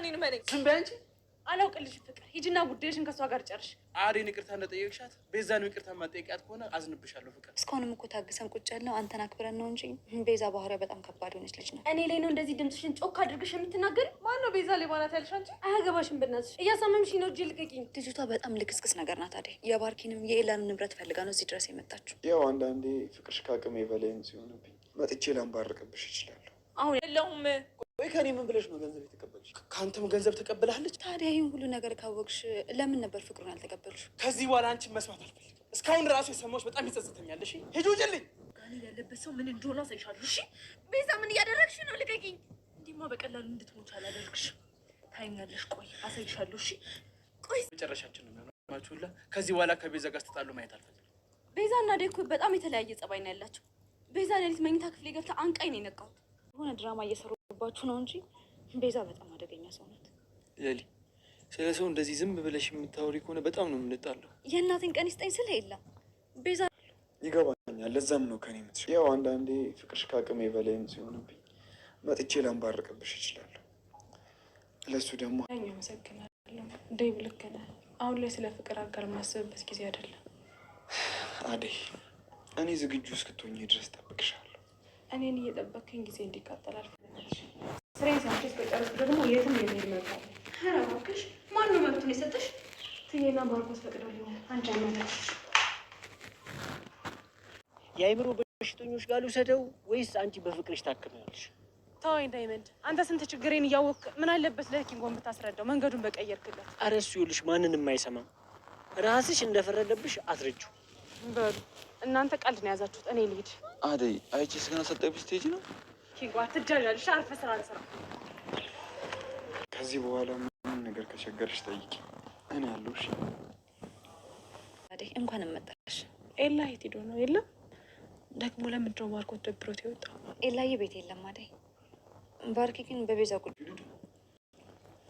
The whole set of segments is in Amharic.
እኔን መለኝ። ዝም በይ አንቺ። አላውቅልሽም ፍቅር። ሂጂና ጉዳይሽን ከእሷ ጋር ጨርሽ። አዴን ይቅርታ እንደጠየቅሻት ቤዛን ይቅርታ ማጠየቂያት ከሆነ አዝንብሻለሁ ፍቅር። እስካሁንም እኮ ታግሰን ቁጭ ያልነው አንተን አክብረን ነው እንጂ ቤዛ ባህሪያ በጣም ከባድ ሆነች ልጅ ነው። እኔ ላይ ነው እንደዚህ ድምፅሽን ጮክ አድርገሽ የምትናገሪ? ነው ቤዛ ላይ ባላት ያልሽ አንቺ? አያገባሽም። ብናዝሽ እያሳመምሽ ነው። እጅ ልቀቂኝ። ልጅቷ በጣም ልክስክስ ነገር ናት። አዴ የባርኪንም የኤላን ንብረት ፈልጋ ነው እዚህ ድረስ የመጣችው። ያው አንዳንዴ ፍቅርሽ ከአቅሜ በላይም ሲሆንብኝ መጥቼ ላንባርቅብሽ ይችላል። አሁን የለውም ወይ ከኔ ምን ብለሽ ነው ገንዘብ የተቀበልሽ? ከአንተም ገንዘብ ተቀብላለች። ታዲያ ይህን ሁሉ ነገር ካወቅሽ ለምን ነበር ፍቅሩን አልተቀበልሽ? ከዚህ በኋላ አንቺን መስማት አልፈልግም። እስካሁን ራሱ የሰማዎች በጣም ይጸጽተኛል። እሺ ሂጂ ውጭልኝ። ጋኔ ያለበት ሰው ምን እንደሆነ አሳይሻለሁ። እሺ ቤዛ፣ ምን እያደረግሽ ነው? ልቀቂኝ። እንዲህማ በቀላሉ እንድትሞች አላደርግሽ። ታይኛለሽ። ቆይ አሳይሻለሁ። እሺ ቆይ። መጨረሻችን ነው የሚሆነው። ሁላ ከዚህ በኋላ ከቤዛ ጋር ስትጣሉ ማየት አልፈልግም። ቤዛ እና ደኩ በጣም የተለያየ ጸባይ ነው ያላቸው። ቤዛ ሌሊት መኝታ ክፍሌ ገብታ አንቃኝ ነው የነቃሁት። የሆነ ድራማ እየሰሩ ስለገባችሁ ነው እንጂ ቤዛ በጣም አደገኛ ሰው ናት። ሌሊ፣ ስለ ሰው እንደዚህ ዝም ብለሽ የምታወሪ ከሆነ በጣም ነው የምንጣለው። የእናትን ቀን ይስጠኝ ስለ የለም ቤዛ ይገባኛል። ለዛም ነው ከኔ ምት ያው አንዳንዴ ፍቅርሽ ከአቅሜ በላይም ሲሆንብኝ መጥቼ ላንባረቅብሽ እችላለሁ። ለሱ ደግሞ አመሰግናለሁ። ዴቭ ልክ ነህ። አሁን ላይ ስለ ፍቅር አጋር ማስብበት ጊዜ አይደለም። አዴ እኔ ዝግጁ እስክትሆኝ ድረስ ጠብቅሻል እኔን እየጠበቅከኝ ጊዜ እንዲቃጠል አልፈለግሽ። ስራዬን ሰርቼ በጨረስኩ ደግሞ የትም የሚሄድ መብት አለ። ኧረ እባክሽ ማነው መብቱን የሰጠሽ? ትዬና ማርኮስ ፈቅደው ሊሆን አንቺ አመለሽ። የአይምሮ በሽተኞች ጋር ልውሰደው ወይስ አንቺ በፍቅርሽ ታክሚያለሽ? ተወኝ ዳይመንድ፣ አንተ ስንት ችግሬን እያወቅ ምን አለበት ለኪንጎን ብታስረዳው፣ መንገዱን በቀየርክለት። ኧረ እሱ ይኸውልሽ ማንንም አይሰማም። ራስሽ እንደፈረደብሽ አትርጁ በሉ እናንተ ቀልድ ነው የያዛችሁት። እኔ ልሂድ። አደይ አይቼ ስገና ሰልጠኝ ስቴጅ ነው ኪንጓ አትጃዣልሽ፣ አርፈ ስራ ስራ። ከዚህ በኋላ ምንም ነገር ከቸገረሽ ጠይቂ፣ እኔ ያለው። እሺ አደይ፣ እንኳን መጣሽ። ኤላ የት ሄዶ ነው? የለም ደግሞ ለምንድን ነው ባርኮት ደብሮት የወጣው? ኤላዬ ቤት የለም አደይ። ባርኪ ግን በቤዛ ቁጭ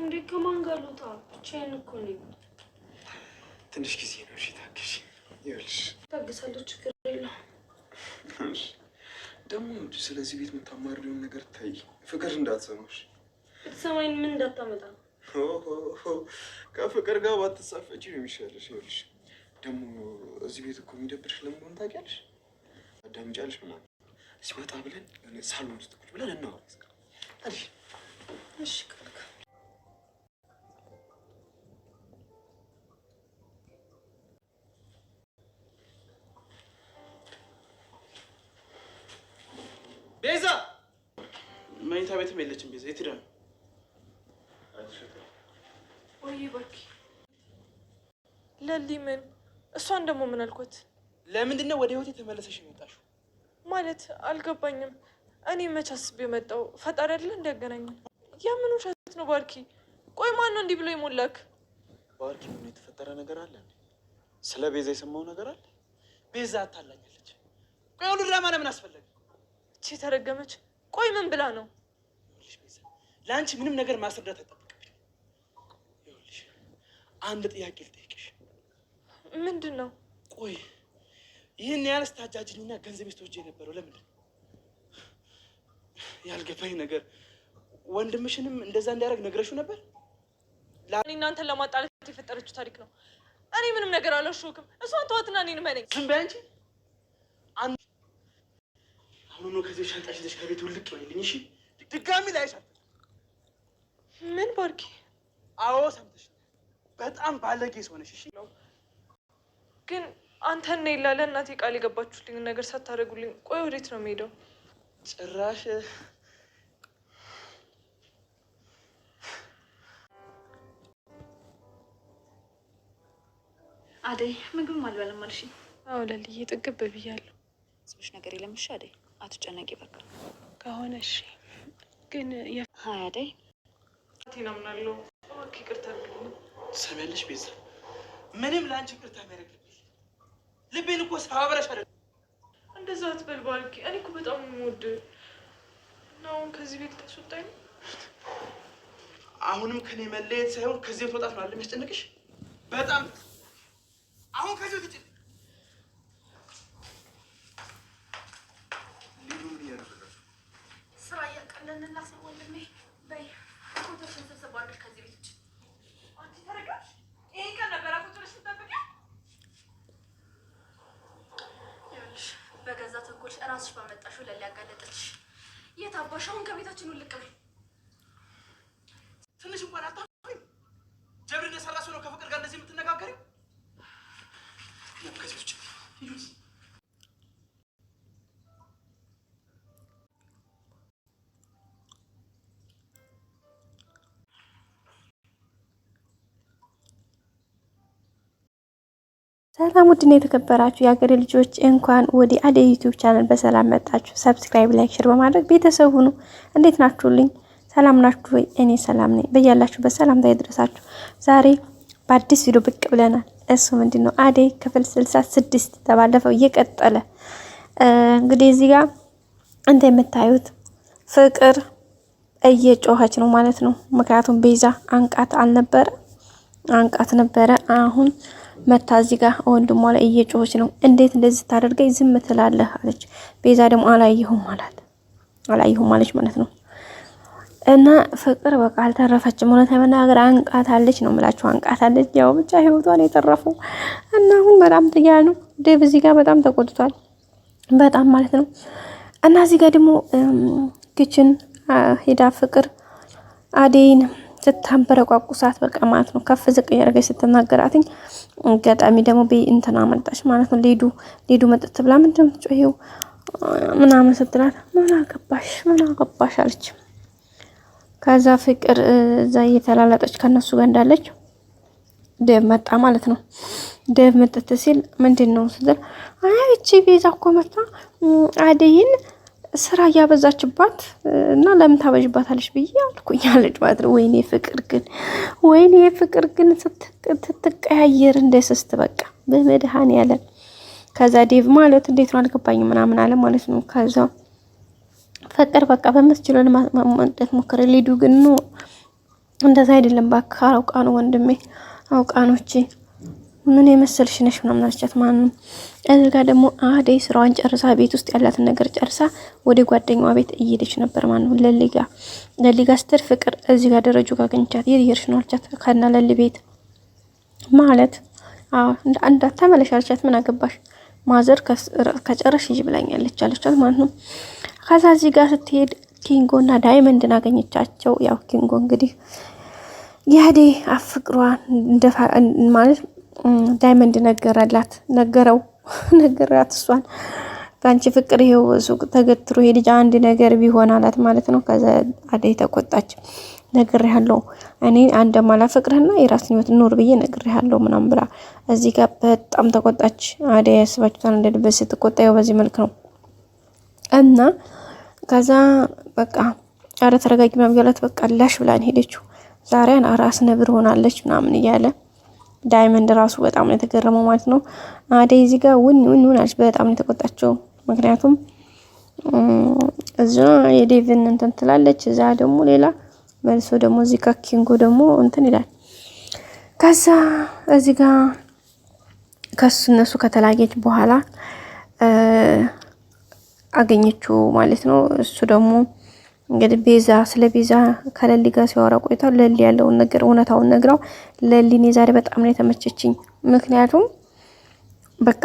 እንዴ ከማን ጋር ልውጣ? ብቻዬን እኮ ነኝ። ትንሽ ጊዜ ነው። እሺ ታገሺ ይኸውልሽ፣ ታግሳለሁ፣ ስለዚህ ቤት የምታማሪውን ነገር ታይ ፍቅር እንዳትሰማሽ። ብትሰማኝ ምን እንዳታመጣ ከፍቅር ጋር ባትሳፈጪ የሚሻለሽ። ይኸውልሽ፣ ደግሞ እዚህ ቤት እኮ የሚደብርሽ ለመሆን ታውቂያለሽ። አዳምጫለሽ ምናምን ሲወጣ ብለን ሳሎን ውስጥ ቁጭ ብለን እናወራ። እሺ ቤትም የለችም። ቤዛ የት ሄዳ ነው? ለሊ ምን? እሷን ደግሞ ምን አልኳት? ለምንድን ነው ወደ ህይወት የተመለሰሽ የመጣሽው? ማለት አልገባኝም። እኔ መች አስቤ የመጣው ፈጣሪ አይደለ እንዲያገናኘን። የምን ውሸት ነው ባርኪ? ቆይ ማን ነው እንዲህ ብሎ የሞላክ? ባርኪ ምን የተፈጠረ ነገር አለ? ስለ ቤዛ የሰማው ነገር አለ? ቤዛ አታላኛለች። ቆይ ሁሉ ድራማ ለምን አስፈለገ? እቺ ተረገመች። ቆይ ምን ብላ ነው? ይኸውልሽ ቤዛ፣ ለአንቺ ምንም ነገር ማስረዳት አይጠበቅብኝ። ይኸውልሽ አንድ ጥያቄ ልጠይቅሽ። ምንድን ነው? ቆይ ይህን ያህል ስታጃጅኝና ገንዘብ ስቶጅ የነበረው ለምንድን ነው? ያልገባኝ ነገር ወንድምሽንም እንደዛ እንዲያደርግ ነግረሽው ነበር? እኔ እናንተን ለማጣላት የፈጠረችው ታሪክ ነው። እኔ ምንም ነገር አላሸውክም። እሷን ተዋትና እኔን መለኝ። ዝም በይ አንቺ። አሁኑ ከዚህ ሻንጣሽ ይዘሽ ከቤት ውልቅ ይሆንልኝ። እሺ ድጋሚ ላይሽ ምን ቦርኪ? አዎ ሰምተሽ በጣም ባለጌ ሆነሽ። እሺ ነው ግን አንተ እኔ ይላለ እናቴ ቃል የገባችሁልኝ ነገር ሳታደርጉልኝ ቆይ ወዴት ነው የምሄደው? ጭራሽ አደይ ምግብ አልበላም አልሽ? አዎ ለልዬ ጥግብ ብያለሁ። ስሎች ነገር የለምሽ አደይ፣ አትጨነቂ በቃ ከሆነ እሺ ግን አደይ ናምናለው ይቅርታ ሰሚያለሽ ቤዛ፣ ምንም ለአንቺ ይቅርታ የሚያደርግ ልቤን እኮ ሳብረሽ አለ። እንደዛ አትበል ባልኪ፣ እኔ እኮ በጣም ሞድ እና አሁን ከዚህ ቤት ታስወጣኝ። አሁንም ከኔ መለየት ሳይሆን ከዚህ ቤት መውጣት ነው አለ የሚያስጨንቅሽ በጣም ገባሽ? አሁን ከቤታችን ውልቅ በይ። ትንሽ እንኳን አታፍሪም? ጀብር እንደሰራሽ ነው ከፍቅር ጋር እንደዚህ የምትነጋገሪው ሰላም ውድና የተከበራችሁ የአገሬ ልጆች እንኳን ወደ አደይ ዩቲዩብ ቻናል በሰላም መጣችሁ። ሰብስክራይብ፣ ላይክ፣ ሼር በማድረግ ቤተሰብ ሁኑ። እንዴት ናችሁልኝ? ሰላም ናችሁ ወይ? እኔ ሰላም ነኝ። በያላችሁበት ሰላምታ ይድረሳችሁ። ዛሬ በአዲስ ቪዲዮ ብቅ ብለናል። እሱ ምንድን ነው? አደይ ክፍል ስልሳ ስድስት ተባለፈው እየቀጠለ እንግዲህ እዚህ ጋር እንደ የምታዩት ፍቅር እየጮኸች ነው ማለት ነው። ምክንያቱም ቤዛ አንቃት አልነበረ አንቃት ነበረ አሁን መታ እዚህ ጋር ወንድሟ ላይ እየጮኸች ነው። እንዴት እንደዚህ ታደርገኝ ዝም ትላለህ አለች። ቤዛ ደግሞ አላየሁም አላት። አላየሁም አለች ማለት ነው። እና ፍቅር በቃ አልተረፈችም። እውነት ለመናገር አንቃታለች ነው የምላችሁ፣ አንቃታለች። ያው ብቻ ህይወቷን የተረፈው እና አሁን በጣም ጥያ ነው። ዴቭ እዚህ ጋር በጣም ተቆጥቷል፣ በጣም ማለት ነው። እና እዚህ ጋር ደግሞ ግችን ሄዳ ፍቅር አዴይን ስታንበረቋቁሳት በቃ ማለት ነው ከፍ ዝቅ እያደረገች ስትናገራትኝ አጋጣሚ ደግሞ ቤ እንትና መጣች ማለት ነው። ሌዱ ሌዱ መጠት ብላ ምንድን ጮሄው ምናምን ስትላት ምን አገባሽ ምን አገባሽ አለች። ከዛ ፍቅር እዛ እየተላለጠች ከነሱ ጋር እንዳለች ደብ መጣ ማለት ነው። ደብ መጠት ሲል ምንድን ነው ስትል አይ እቺ ቤዛ እኮ አደይን ስራ እያበዛችባት እና ለምን ታበዥባታለች ብዬ አልኩኝ አለች ማለት ነው። ወይኔ ፍቅር ግን ወይኔ የፍቅር ግን ስትቀያየር እንደ ስስት በቃ በመድሃን ያለን ከዛ ዴቭ ማለት እንዴት ነው አልገባኝ ምናምን አለ ማለት ነው። ከዛ ፍቅር በቃ በምትችለ ለማመንጠት ሞከረ። ሊዱ ግን ነው እንደዛ አይደለም እባክህ አውቃ ነው ወንድሜ አውቃኖቼ ምን የመሰልሽ ነሽ ምናምን አልቻት ማንም እዚህ ጋር ደግሞ አደይ ስራዋን ጨርሳ ቤት ውስጥ ያላትን ነገር ጨርሳ ወደ ጓደኛዋ ቤት እየሄደች ነበር ማለት ነው። ለሊጋ ለሊጋ ስትል ፍቅር እዚህ ጋር ደረጁ ጋር አግኝቻት የሄድሽ ነው አልቻት ከና ለሊ ቤት ማለት አዎ እንዳታመለሽ አልቻት። ምን አገባሽ ማዘር ከጨረሽ ሂጂ ብላኛለች አለቻት ማለት ነው። ከዛ እዚህ ጋር ስትሄድ ኪንጎ እና ዳይመንድን አገኘቻቸው። ያው ኪንጎ እንግዲህ የአደይ አፍቅሯ ማለት ዳይመንድ ነገረላት ነገረው ነገራት። እሷን ከአንቺ ፍቅር ይሄው ሱቅ ተገትሮ የልጅ አንድ ነገር ቢሆን አላት ማለት ነው። ከዛ አደይ ተቆጣች። ያለው እኔ አንድ ማላ እንደማላፈቅርህና የራስን ህይወት ኑር ብዬ ነገር ያለው ምናም ብላ እዚህ ጋር በጣም ተቆጣች። አደይ ያስባችሁታል እንደልበስ ልበስ ስትቆጣ በዚህ መልክ ነው እና ከዛ በቃ አረ ተረጋጊ ምናምን እያላት በቃ ላሽ ብላን ሄደችው። ዛሬን አራስ ነብር ሆናለች ምናምን እያለ ዳይመንድ ራሱ በጣም ነው የተገረመው ማለት ነው። አደይ እዚህ ጋር ውን ውን ናች በጣም ነው የተቆጣቸው። ምክንያቱም እዛ የዴቭን እንትን ትላለች፣ እዛ ደግሞ ሌላ መልሶ ደግሞ እዚህ ጋር ኪንጎ ደግሞ እንትን ይላል። ከዛ እዚህ ጋር ከሱ እነሱ ከተላየች በኋላ አገኘችው ማለት ነው እሱ ደግሞ እንግዲህ ቤዛ ስለ ቤዛ ከለሊ ጋር ሲያወራ ቆይታ ለሊ ያለውን ነገር እውነታውን ነግረው ለሊ እኔ ዛሬ በጣም ነው የተመቸችኝ። ምክንያቱም በቃ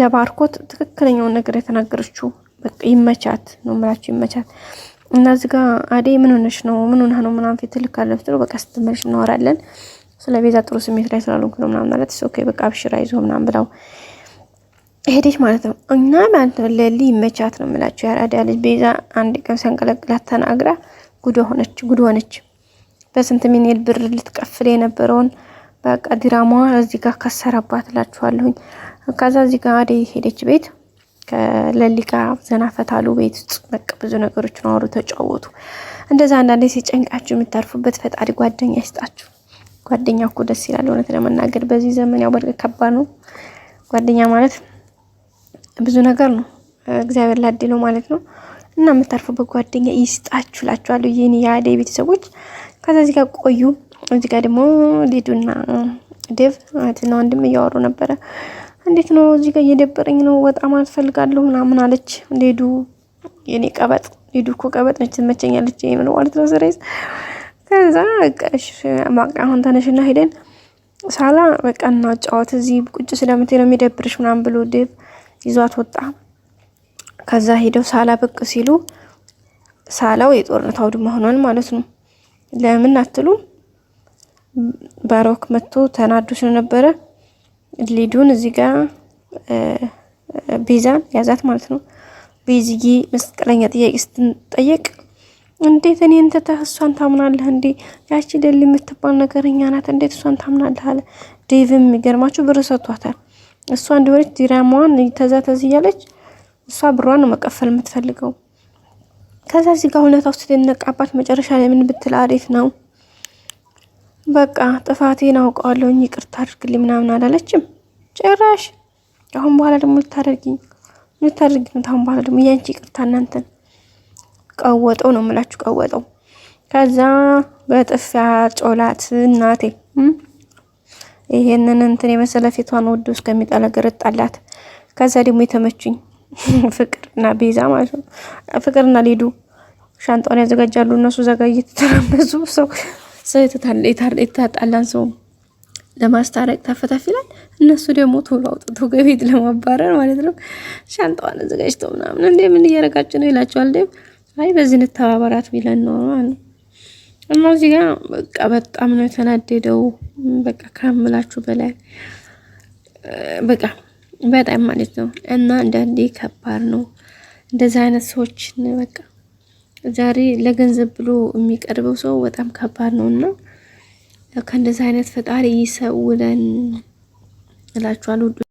ለባርኮት ትክክለኛውን ነገር የተናገረችው በቃ ይመቻት ነው የምላችሁ፣ ይመቻት እና እዚህ ጋር አዴ ምን ሆነሽ ነው ምን ሆነህ ነው ምናምን ፊት ልካለፍ ብሎ በቃ ስትመልሽ እናወራለን ስለ ቤዛ ጥሩ ስሜት ላይ ስላልሆንኩ ነው ምናምን ማለት ኦኬ በቃ አብሽራ ይዞ ምናምን ብለው ሄደች ማለት ነው። እና ማለት ነው ለሊ መቻት ነው የምላቸው ያራዳ ልጅ ቤዛ አንድ ቀን ሰንቀለቅላት ተናግራ ጉድ ሆነች፣ ጉድ ሆነች። በስንት ሚሊዮን ብር ልትቀፍል የነበረውን በቃ ድራማ እዚህ ጋር ከሰረባት እላችኋለሁኝ። ከዛ እዚህ ጋር አደይ ሄደች ቤት ከለሊ ጋር ዘና ፈታሉ። ቤት ውስጥ በቃ ብዙ ነገሮችን አወሩ፣ ተጫወቱ። እንደዛ አንዳንዴ ሲጨንቃችሁ የምታርፉበት ፈጣሪ ጓደኛ ይስጣችሁ። ጓደኛ እኮ ደስ ይላል እውነት ለመናገር በዚህ ዘመን ያው በርግ ከባድ ነው ጓደኛ ማለት ብዙ ነገር ነው እግዚአብሔር ላድለው ማለት ነው። እና የምታርፉበት ጓደኛ ይስጣችሁ እላችኋለሁ። ይህን የአደይ ቤተሰቦች ከዛ እዚህ ጋር ቆዩ። እዚህ ጋር ደግሞ ሊዱና ዴቭ እህትና ወንድም እያወሩ ነበረ። እንዴት ነው እዚህ ጋር እየደበረኝ ነው በጣም አልፈልጋለሁ ምናምን አለች ሊዱ። የኔ ቀበጥ ሊዱ እኮ ቀበጥ ነች፣ ትመቸኛለች የምለው ማለት ነው ስሬስ። ከዛ ቀሽ ማቅ አሁን ተነሽና ሄደን ሳላ በቃ እናጫወት እዚህ ቁጭ ስለምትሄ ነው የሚደብርሽ ምናምን ብሎ ዴቭ ይዟት ወጣ። ከዛ ሄደው ሳላ ብቅ ሲሉ ሳላው የጦርነት አውድማ ሆኗል ማለት ነው። ለምን አትሉ ባሮክ መጥቶ ተናዶ ስለነበረ ሊዱን እዚህ ጋር ቤዛን ያዛት ማለት ነው። ቤዝዬ መስቀለኛ ጥያቄ ስትጠየቅ እንዴት እኔ እንተ እሷን ታምናለህ እንዴ? ያቺ ደል የምትባል ነገረኛ ናት፣ እንዴት እሷን ታምናለህ አለ ዴቭም። የሚገርማችሁ ብር ሰጥቷታል። እሷ እንደሆነች ዲራማዋን ተዛ ተዝ እያለች እሷ ብሯን ነው መቀፈል የምትፈልገው። ከዛ እዚህ ጋር ሁኔታ ውስጥ የነቃባት መጨረሻ ላይ ምን ብትል አሪፍ ነው በቃ ጥፋቴን አውቀዋለሁኝ ይቅርታ አድርግልኝ ምናምን አላለችም። ጭራሽ አሁን በኋላ ደግሞ ልታደርጊ ልታደርጊ ነው። አሁን በኋላ ደግሞ ያንቺ ይቅርታ እናንተን ቀወጠው ነው የምላችሁ፣ ቀወጠው። ከዛ በጥፊያ ጮላት እናቴ ይሄንን እንትን የመሰለ ፊቷን ወዶ እስከሚጣለ ገረጣላት። ከዛ ደግሞ የተመቹኝ ፍቅርና ቤዛ ማለት ነው። ፍቅርና ሊዱ ሻንጣውን ያዘጋጃሉ። እነሱ ዘጋ እየተተራመሱ ሰው ሰው የተጣላን ሰው ለማስታረቅ ተፈታፊ ይላል። እነሱ ደግሞ ቶሎ አውጥቶ ገቤት ለማባረር ማለት ነው። ሻንጣዋን አዘጋጅተው ምናምን እንዴ ምን እያደረጋችሁ ነው ይላቸዋል። ደም አይ በዚህ እንተባበራት ቢለን ነው እና እዚህ ጋር በቃ በጣም ነው የተናደደው። በቃ ከምላችሁ በላይ በቃ በጣም ማለት ነው። እና አንዳንዴ ከባድ ነው እንደዚህ አይነት ሰዎችን በቃ ዛሬ ለገንዘብ ብሎ የሚቀርበው ሰው በጣም ከባድ ነው እና ከእንደዚህ አይነት ፈጣሪ ይሰውለን እላችኋለሁ።